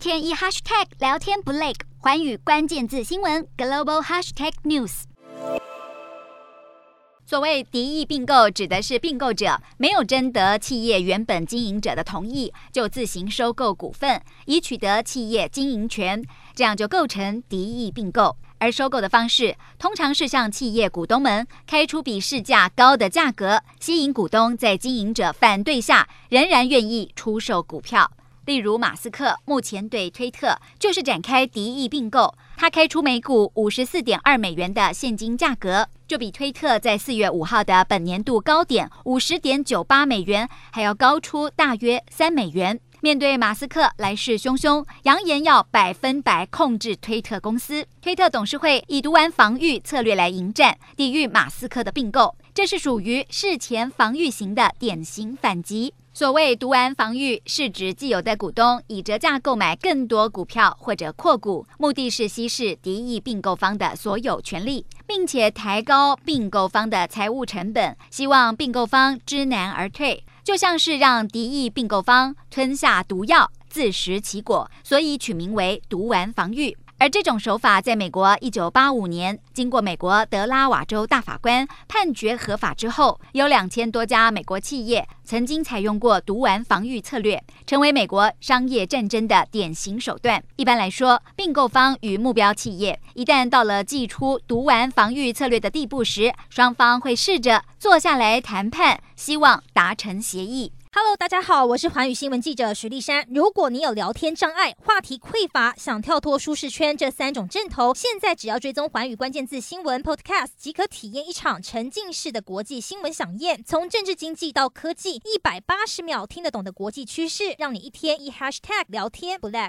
天一 hashtag 聊天不累，寰宇關鍵字新聞 global hashtag news。所謂敵意併購，指的是併購者沒有徵得企業原本經營者的同意，就自行收購股份，以取得企業經營權，這樣就構成敵意併購。而收購的方式，通常是向企業股東們開出比市價高的價格，吸引股東在經營者反對下，仍然願意出售股票。例如，馬斯克目前對推特就是展開敵意併購，他開出每股五十四點二美元的現金價格，就比推特在四月五號的本年度高點五十點九八美元還要高出大約三美元。面對馬斯克來勢洶洶，揚言要百分百控制推特公司，推特董事會以毒丸防禦策略來迎戰，抵禦馬斯克的併購，這是屬於事前防禦型的典型反擊。所謂毒丸防禦，是指既有的股東以折價購買更多股票或者擴股，目的是稀釋敵意併購方的所有權利，並且抬高併購方的財務成本，希望併購方知難而退，就像是讓敵意併購方吞下毒藥，自食其果，所以取名為毒丸防禦。而這種手法，在美國一九八五年經過美國德拉瓦州大法官判決合法之後，有兩千多家美國企業曾經採用過毒丸防御策略，成為美國商業戰爭的典型手段。一般來說，併購方與目標企業一旦到了祭出毒丸防御策略的地步時，雙方會試着坐下來談判，希望達成協議。Hello，大家好，我是環宇新聞記者徐麗珊。如果你有聊天障礙、話題匱乏、想跳脫舒適圈這三種症頭，現在只要追蹤環宇關鍵字新聞 Podcast，即可體驗一場沉浸式的國際新聞饗宴。從政治經濟到科技，一百八十秒聽得懂的國際趨勢，讓你一天一 Hashtag 聊天不 lag。